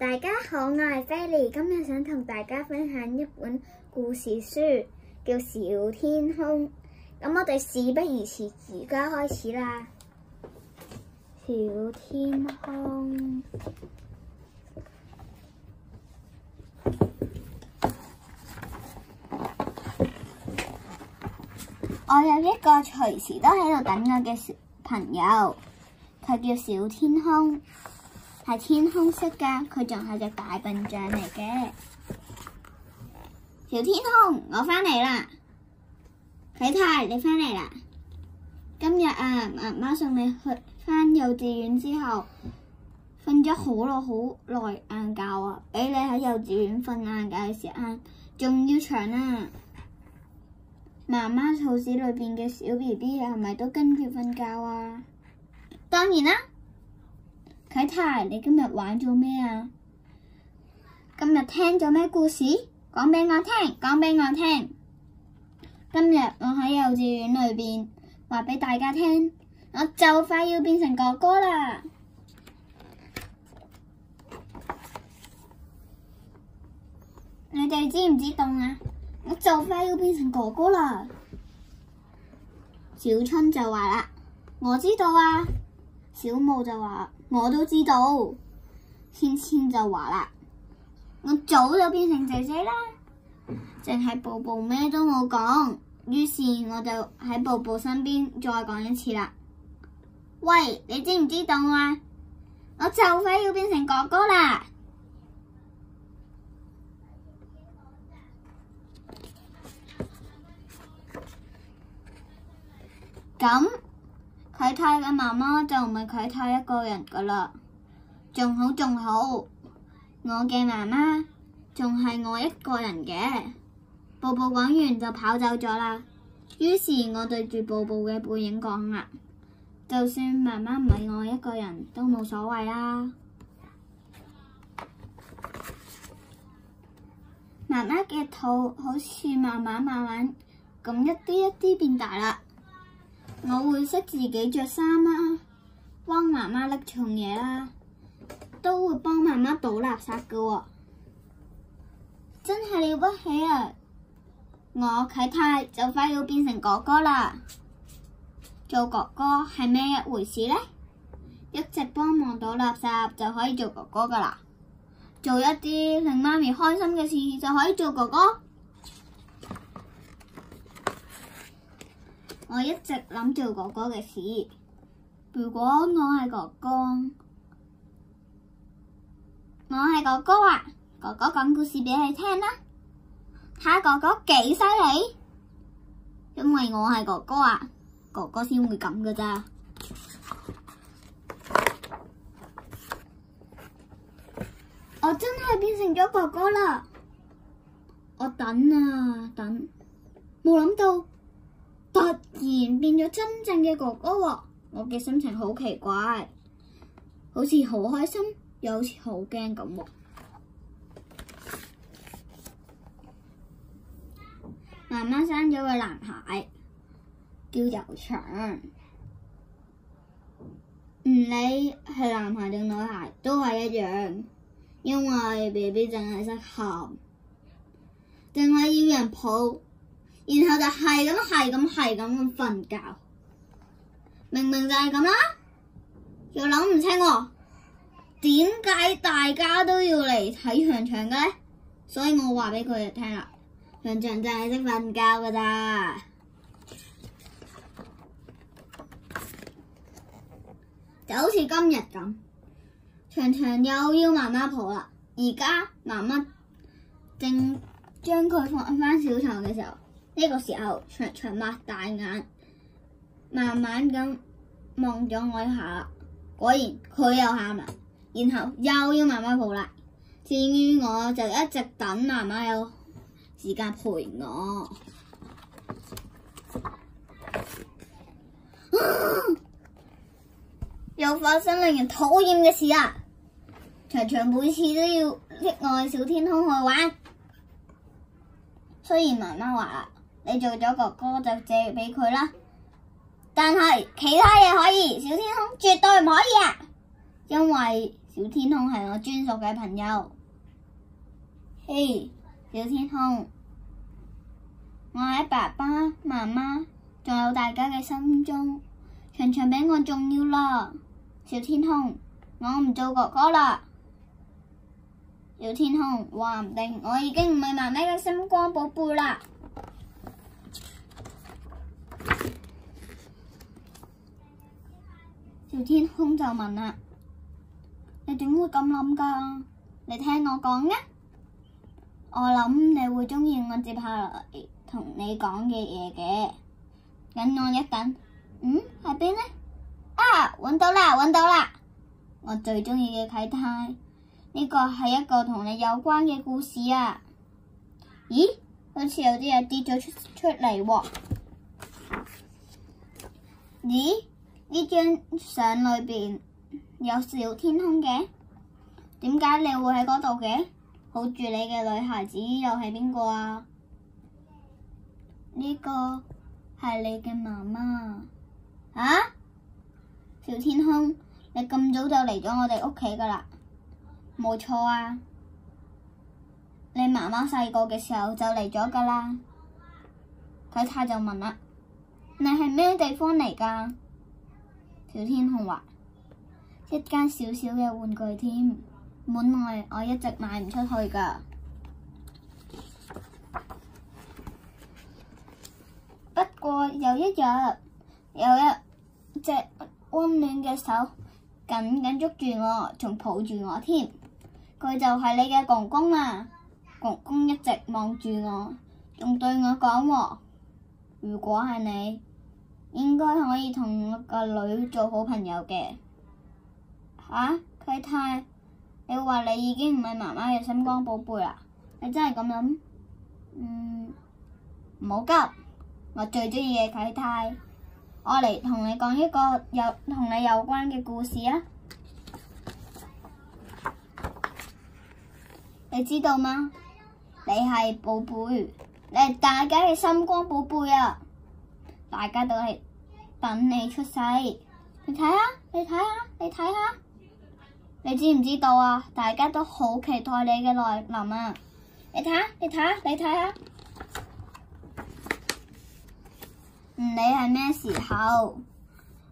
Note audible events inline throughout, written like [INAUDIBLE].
大家好，我係菲利，今日想同大家分享一本故事書，叫小《小天空》。咁我哋事不宜遲，而家開始啦。小天空，我有一個隨時都喺度等我嘅小朋友，佢叫小天空。係天空色噶，佢仲係隻大笨象嚟嘅。小天空，我返嚟啦！啟泰，你返嚟啦！今日啊，媽媽送你去返幼稚園之後，瞓咗好耐好耐晏覺啊，比你喺幼稚園瞓晏覺嘅時間仲要長啊！媽媽肚子裏邊嘅小 B B 係咪都跟住瞓覺啊？當然啦。啟泰，你今日玩咗咩啊？今日聽咗咩故事？講畀我聽，講俾我聽。今日我喺幼稚園裏邊，話畀大家聽，我就快要變成哥哥啦。你哋知唔知道啊？我就快要變成哥哥啦。小春就話啦，我知道啊。小武就話。我都知道，芊芊就話啦，我早就變成姐姐啦，淨係布布咩都冇講。於是我就喺布布身邊再講一次啦。喂，你知唔知道啊？我就快要變成哥哥啦。咁。佢太緊，媽媽就唔係佢太一個人噶啦，仲好仲好，我嘅媽媽仲係我一個人嘅。寶寶講完就跑走咗啦。於是我對住寶寶嘅背影講啦，就算媽媽唔係我一個人都冇所謂啦，啊。媽媽嘅肚好似慢慢慢慢咁一啲一啲變大啦。我會識自己着衫啦、啊，幫媽媽拎重嘢啦，都會幫媽媽倒垃圾噶、啊，真係了不起啊！我啟泰就快要變成哥哥啦，做哥哥係咩一回事呢？一直幫忙倒垃圾就可以做哥哥噶啦，做一啲令媽咪開心嘅事就可以做哥哥。我一直諗住哥哥嘅事。如果我係哥哥，我係哥哥啊！哥哥講故事俾你聽啦，吓，哥哥幾犀利。因為我係哥哥啊，哥哥先會咁噶咋。我真係變成咗哥哥啦！我等啊等，冇諗到。自然變咗真正嘅哥哥。啊，我嘅心情好奇怪，好似好開心，又好似好驚咁。 [LAUGHS] 媽媽生咗個男孩，叫游長。唔理係男孩定女孩，都係一樣，因為 B B 淨係識喊，淨係要人抱。然後就係咁，係咁，係咁瞓覺，明明就係咁啦，又諗唔清哦、啊。點解大家都要嚟睇長長嘅咧？所以我話俾佢哋聽啦，長長就係識瞓覺㗎咋，就好似今日咁，長長又要媽媽抱啦。而家媽媽正將佢放翻小床嘅時候。呢個時候，長長擘大眼，慢慢咁望咗我一下，果然佢又喊啦，然後又要媽媽抱啦。至於我就一直等媽媽有時間陪我。啊、又發生令人討厭嘅事啦！長長每次都要拎我小天空去玩，雖然媽媽話啦。你做咗哥哥就借畀佢啦，但係其他嘢，可以，小天空絕對唔可以啊！因為小天空係我專屬嘅朋友。嘿 Hey,，小天空，我喺爸爸媽媽仲有大家嘅心中，常常比我重要啦。小天空，我唔做哥哥啦。小天空，話唔定我已經唔係媽媽嘅心肝寶貝啦。天空就問啦：你點會咁諗噶？你聽我講啊，我諗你會中意我接下嚟同你講嘅嘢嘅。等我一等，嗯，喺邊呢？啊，搵到啦，搵到啦！我最中意嘅啟泰，呢、這個係一個同你有關嘅故事啊！咦，好似有啲嘢跌咗出出嚟喎！咦？呢張相裏邊有小天空嘅，點解你會喺嗰度嘅？抱住你嘅女孩子又係邊個啊？呢個係你嘅媽媽啊？小天空，你咁早就嚟咗我哋屋企噶啦？冇錯啊！你媽媽細個嘅時候就嚟咗噶啦。佢太就問啦：你係咩地方嚟噶？小天空話一間小小嘅玩具店，門外我一直賣唔出去噶。不過有一日，有一隻温暖嘅手緊緊捉住我，仲抱住我添。佢就係你嘅公公啦、啊，公公一直望住我，仲對我講：如果係你。應該可以同個女做好朋友嘅，啊！啟泰，你話你已經唔係媽媽嘅心肝寶貝啦，你真係咁諗？嗯，唔好急，我最中意嘅啟泰，我嚟同你講一個有同你有關嘅故事啊！你知道嗎？你係寶貝，你係大家嘅心肝寶貝啊！大家都係等你出世、啊，你睇下、啊，你睇下，你睇下，你知唔知道啊？大家都好期待你嘅來臨啊！你睇下、啊，你睇下、啊，你睇下、啊。唔理係咩時候，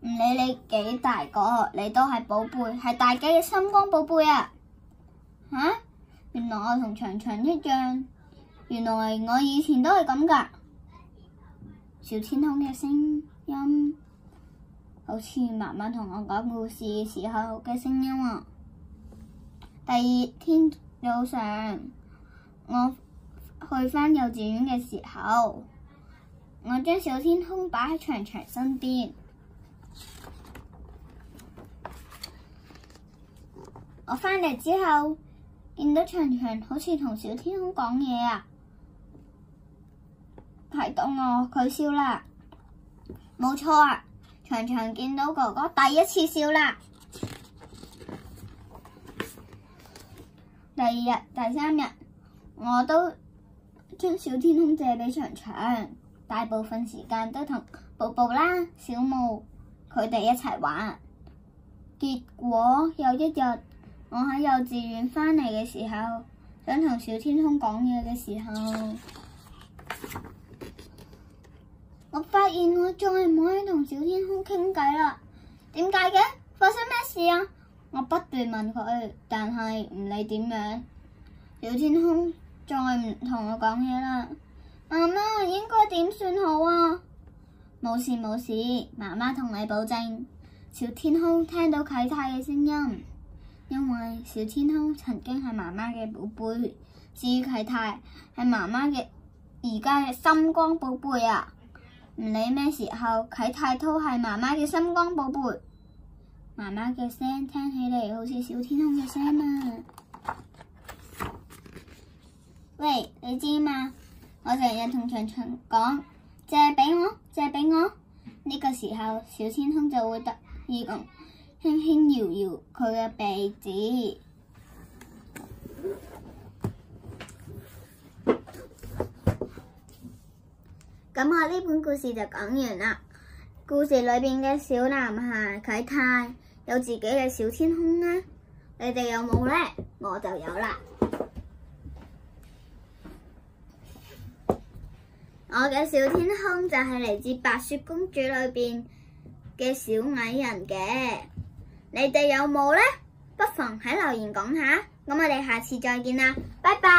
唔理你幾大個，你都係寶貝，係大家嘅心肝寶貝啊！吓、啊，原來我同祥祥一樣，原來我以前都係咁噶。小天空嘅聲音，好似媽媽同我講故事時候嘅聲音啊！第二天早上，我去翻幼稚園嘅時候，我將小天空擺喺長長身邊。我翻嚟之後，見到長長好似同小天空講嘢啊！睇到我佢笑啦，冇錯啊！長長見到哥哥第一次笑啦。第二日、第三日，我都將小天空借俾長長，大部分時間都同寶寶啦、小霧佢哋一齊玩。結果有一日，我喺幼稚園翻嚟嘅時候，想同小天空講嘢嘅時候。我發現我再唔可以同小天空傾偈啦。點解嘅？發生咩事啊？我不斷問佢，但係唔理點樣，小天空再唔同我講嘢啦。媽媽應該點算好啊？冇事冇事，媽媽同你保證。小天空聽到啟太嘅聲音，因為小天空曾經係媽媽嘅寶貝，至於啟太係媽媽嘅而家嘅心肝寶貝啊。唔理咩時候，啟太都係媽媽嘅心肝寶貝。媽媽嘅聲音聽起嚟好似小天空嘅聲啊！喂，你知嘛？我成日同長長講，借俾我，借俾我。呢、這個時候，小天空就會得意咁輕輕搖搖佢嘅鼻子。咁我呢本故事就講完啦。故事裏邊嘅小男孩佢太有自己嘅小天空啦。你哋有冇呢？我就有啦。我嘅小天空就係嚟自白雪公主裏邊嘅小矮人嘅。你哋有冇呢？不妨喺留言講下。咁我哋下次再見啦，拜拜。